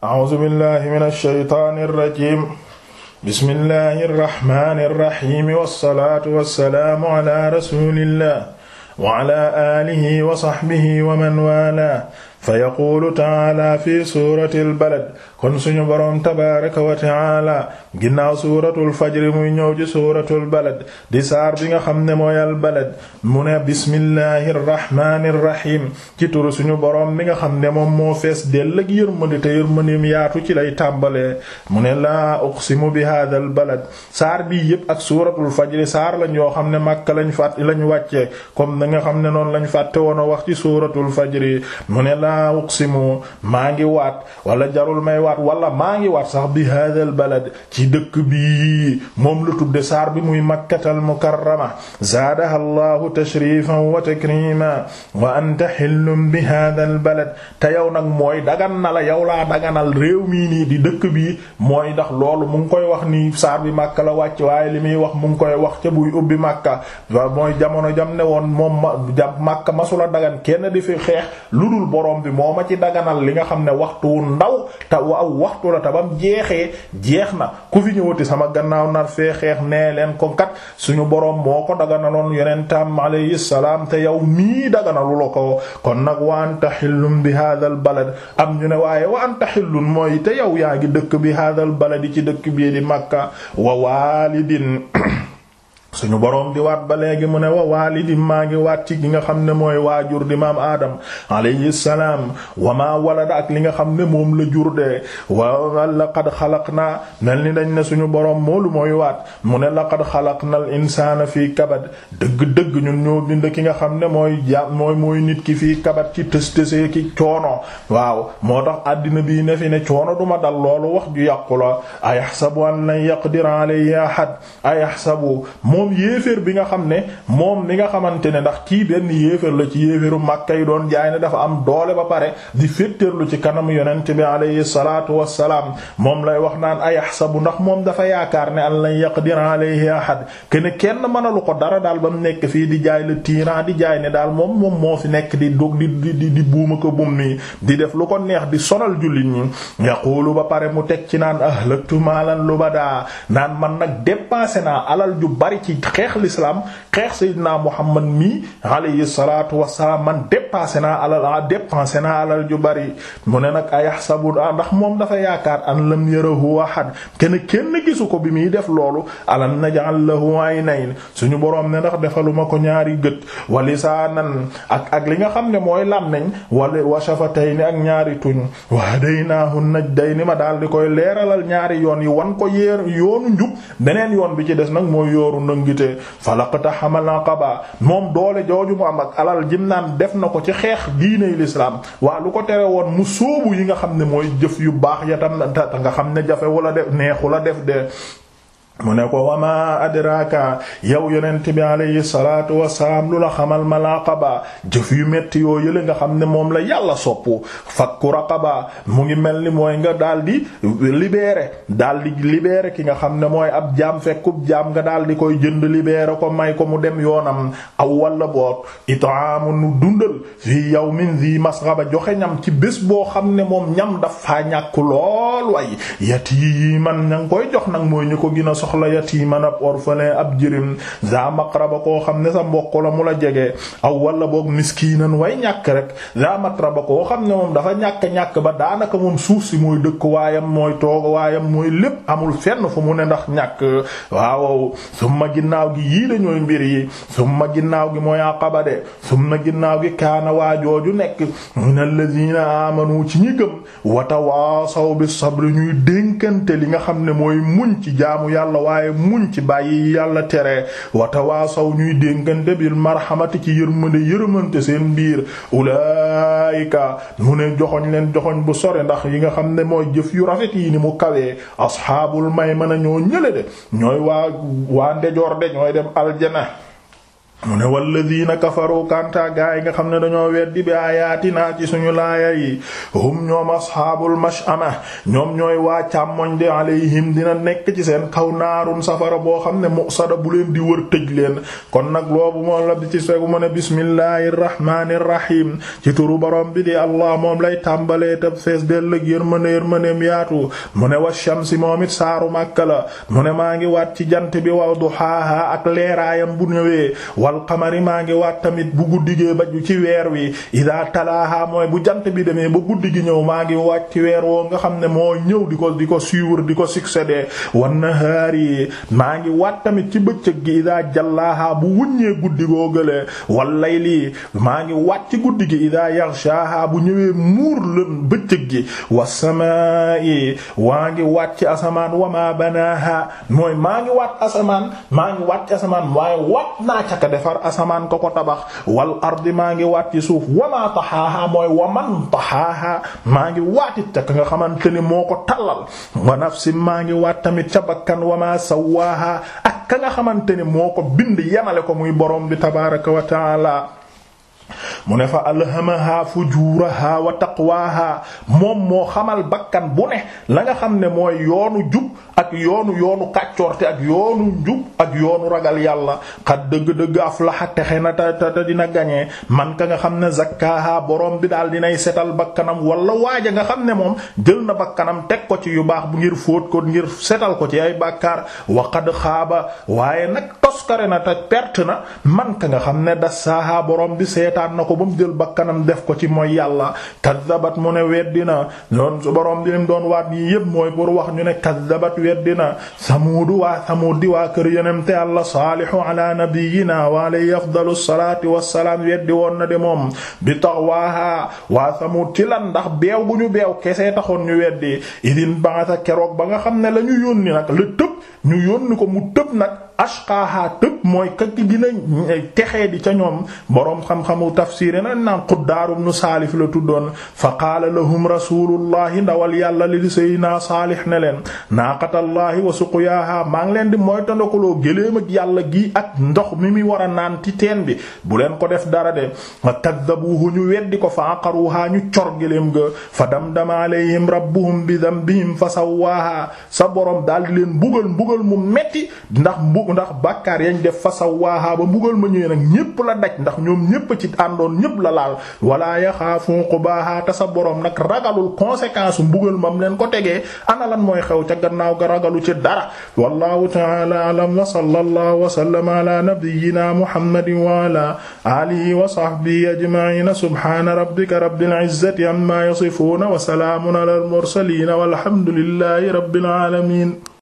a'uuzu billaahi mina shaytaani rajiim bismillaahi rahmaani rahiim wassalaatu wassalaamu alaa rasuulillaah wa alaa aalihi wa sahbihi wa man waalaahu fa yaquulu taala fi suuratil balad kon suñu boroom tabaaraka wa taala ginnaaw suuratul fajri muy ñëw ci suuratul balad di saar bi nga xam ne mooy al balad mu ne bismillaahir rahmaanir rahiim ci turu suñu boroom mi nga xam ne moom moo fees dell ak yërmande te yërmandeem yaatu ci lay tàmbalee mu ne laa uqsimu bi haadal balad saar bii yépp ak suuratul fajri saar lañ yoo xam ne Makka lañ fàtt lañ wàcce comme na nga xam ne noonu lañ fàtte woon a wax ci suuratul fajri mu ne laa uqsimu ngi waat wala jarul may waat wala maa ngi waat sax bi haadal balad ci dëkk bii moom la tudde saar bi muy makkatal mukarrama zaadaha allahu tashrifan wa takrima wa anta xillum bi haadal te yow nag mooy dagan na yow laa daganal réew nii di dëkk bii mooy ndax loolu mu ngi koy wax nii saar bi màkka la wàcc waaye li muy wax mu ngi koy wax ca buy ubbi màkka mooy jamono jam ne woon moom jam màkka masula dagan kenn di xeex lu dul boroom borom bi moo ma ci daganal li nga xam ne waxtu ndaw te aw waxtu la te bam jeexee jeex na ku fi ñëwati sama gannaaw nar fee xeex nee leen ko kat suñu borom moo ko daganaloon yeneen yonentam alayhi salaam te yow mii daganalu la ko kon nag wa anta xillum bi hadal balad am ñu ne waaye wa anta xillun mooy te yow yaa ngi dëkk bi hadal baladi ci dëkk bii di Makka wa walidin suñu boroom di waat ba léegi mu ne wa waalidi maa ngi waat ci gi nga xam ne mooy waajur di maam aadam alayhi salaam wa maa ak li nga xam ne moom la jur de wa laqad xalaq naa mel ni dañ ne suñu boroom moolu mooy waat mu ne laqad xalaq na al insaana fii kabad dëgg-dëgg ñun ñoo bind ki nga xam ne mooy ja mooy mooy nit ki fii kabat ci tës tësee ki coono waaw moo tax àddina bii ne fi ne coono duma dal loolu wax ju yàqu la ayahsabu an lan moom yéeféer bi nga xam ne moom mi nga xamante ne ndax kii benn yéeféer la ci yéeféeru Makka yi doon jaay ne dafa am doole ba pare di féttéerlu ci kanamu yonent bi alayhi salaatu wassalaam moom lay wax naan ayahsabu ndax moom dafa yaakaar ne an lan yaqdir alayhi ahad ken kenn mënalu ko dara daal ba mu nekk fii di jaay la tyran di jaay ne daal moom moom moo fi nekk di dog di di di buuma ko bum nii di def lu ko neex di solal jullit ñi yaqulu ba pare mu teg ci naan ahlaktu maalan lu ba daa naan man nag dépensé naa alal ju bari ci xeex l'islam xeex sayyidina Muhammad mi alayhi salatu wasalaam man dépassé naa alal ah, dépensé naa alal ju bari mu ne nag ayahsabu ah, ndax moom dafa yaakaar an lam yarahu ahad kenn kenn gisu ko bi muy def loolu alam naj'al lahu aynayn suñu boroom ne ndax defaluma ko ñaari gët wa lisaanan ak ak li nga xam ne mooy làmmiñ wala wa shafatayni ak ñaari tuñ wa hadaynaahu najdayni ma daal di koy leeralal ñaari yoon yi wan ko yeer yoonu njub beneen ngëm gi te falaqta xamal aqaba moom doole jooju mu am ak alal jim naan def na ko ci xeex diiney lislaam waa lu ko tere woon mu sóobu yi nga xam ne mooy jëf yu baax ya tam ta nga xam ne jafe wala def neexu la def de mu ne ko wama adraka yow yonent bi alayhi salaatu wasalaam lu la xamal ma laqaba jëf yu métti yoo yële nga xam ne moom la yàlla soppu fakku raqaba mu ngi mel ni mooy nga daal di libéré daal di ki nga xam ne mooy ab jaam fekkub jaam nga daal di koy jënd libéré ko may ko mu dem yoonam aw walla boot itaamu nu dundal fii yawmin zi masghaba joxe ñam ci bés boo xam ne moom ñam daf faa ñàkk lool way yatiiman ña ngi koy jox nag mooy ñu soxla yatiiman ab orphelin ab jirim za maqraba koo xam ne sa mbokk la mu la jege aw wala boog miskiinan way ñàkk rek za maqraba koo xam ne moom dafa ñàkk-ñàkk ba daanaka moom suuf si mooy dëkk waayam mooy toog waayam mooy lépp amul fenn fu mu ne ndax ñàkk waaw summa ginnaaw gi yii dañooy mbir yi summa ginnaaw gi mooy àqaba de summa ginnaaw gi kaana waajooju nekk min alladhina amanu ci ñi gëm watawaasaw bis sabr ñuy dénkante li nga xam ne mooy muñ ci jaamu yàlla waaye muñ ci bàyyi yàlla tere waa tawaasaw ñuy dénkante bil marhamati ci yërmande yërmante seen biir ulaayika mu ne joxoñ leen joxoñ bu sore ndax yi nga xam ne mooy jëf yu rafet yi ni mu kawee asxaabul a ñoo ñële de ñooy waa waa ndejoor de ñooy dem aljana mu ne walladina kafaru kanta gaa nga xam ne dañoo weddi bi naa ci suñu laaya yi hum ñoom asxaabul mash'ama ñoom ñooy waa càmmoñ de alayhim dina nekk ci seen kaw naarum safara boo xam ne musada bu leen di wër tëj leen kon nag loobu moom la di ci segu mu ne bismillahir rahmanir rahim ci turu borom bi di allah moom lay tàmbalee tab fees dellëg yërmande yërmandeem yaatu mu ne wa shamsi moom it saaru màkka la mu ne maa ngi waat ci jant bi wa duhaaha ak leeraayam bu ñëwee wal qamari maa ngi waat tamit bu guddi gee ba ci weer wi idaa talaaha mooy bu jant bi demee ba guddi gi ñëw maa ngi waat ci weer woo nga xam ne moo ñëw di ko di ko suivre di ko succéder wan nahaari maa ngi waat tamit ci bëccëg gi idaa jallaaha bu wuññee guddi goo gële wal layli maa ngi waat ci guddi gi idaa yaghshaaha bu ñëwee muur lën bëccëg gi wasamaa'i waa ngi waat ci asamaan wamaa banaaha mooy maa ngi waat asamaan maa ngi waat ci asamaan defar asamaan ko ko tabax wal ardi maa ngi waat ci suuf wama taxaaha mooy waman taxaaha maa ngi waatit ca ka nga xamante ni moo ko tallal wa nafsi maa ngi waat tamit ca bakkan wama sawaaha ak ka nga xamante ni moo ko bind yemale ko muy borom bi tabaraka wa taala mu ne fa alhamaha fujuraha wa taqwaha moom moo xamal bakkan bu ne la nga xam ne mooy yoonu jub ak yoonu yoonu kàccoorte ak yoonu njub ak yoonu ragal yàlla xat dëgg-dëgg aflaha texe na ta ta dina gañee man ka nga xam ne zakkaha borom bi daal dinay setal bakkanam walla waaja nga xam ne moom jël na bakkanam teg ko ci yu baax bu ngir fóot ko ngir setal ko ci ay bàkkaar wa qad xaaba waaye nag toskare na te perte na man ka nga xam ne dassaaha boroom bi seetaan na ko ba mu jël bakkanam def ko ci mooy yàlla kaddabat mu ne weddina doon su borom bi lim doon waat yi yépp mooy pour wax ñu ne kaddabat weddina samuudu waa samuud di waa kër yonente yàlla saalihu ala nabiyina wa alayhi afdalu salaati wassalaam weddi woon na de moom bi taxwaaha waa samuud ci lan ndax beew bu ñu beew kese taxoon ñu weddi idin ba'atha keroog ba nga xam ne lañu yónni ñu yónni ko mu tëb nag ashqaha tëb mooy ka gën a eh, texee di ca ñoom boroom xam-xamu tafsir na naan Quddaar ibn Saalif la tuddoon fa qaala lahum rasulullahi ndawal yàlla li sayyidina Saalih ne leen naaqatallaahi wa suqyaaha maa ngi leen di mooy tandakaloo gëléem ak yàlla gii ak ndox mi muy war a naan ci teen bi bu leen ko def dara de kaddabuhu ñu weddi ko fa aqaruha ñu cor gëléem ga fa damdama alayhim rabbuhum bi dambihim fa sawwaaha sa boroom daal mbugal mu metti ndax mbu ndax bàkkaar yañ def fa sawaaha ba mbugal ma ñëwee nag ñépp la daj ndax ñoom ñépp ci àndoon ñépp la laal walaa yaxaafu uqbaaha te sa borom nag ragalul conséquence mbugal mam leen ko tegee ana lan mooy xew ca gannaaw ga ragalu ci dara wallahu ta'ala a'lam wa sallallahu wa sallama ala nabiyyina muhammadin wa ala alihi wa sahbihi ajma'in subhana rabbika rabbil izzati amma yasifun wa salamun ala al mursalin walhamdulillahi rabbil alamin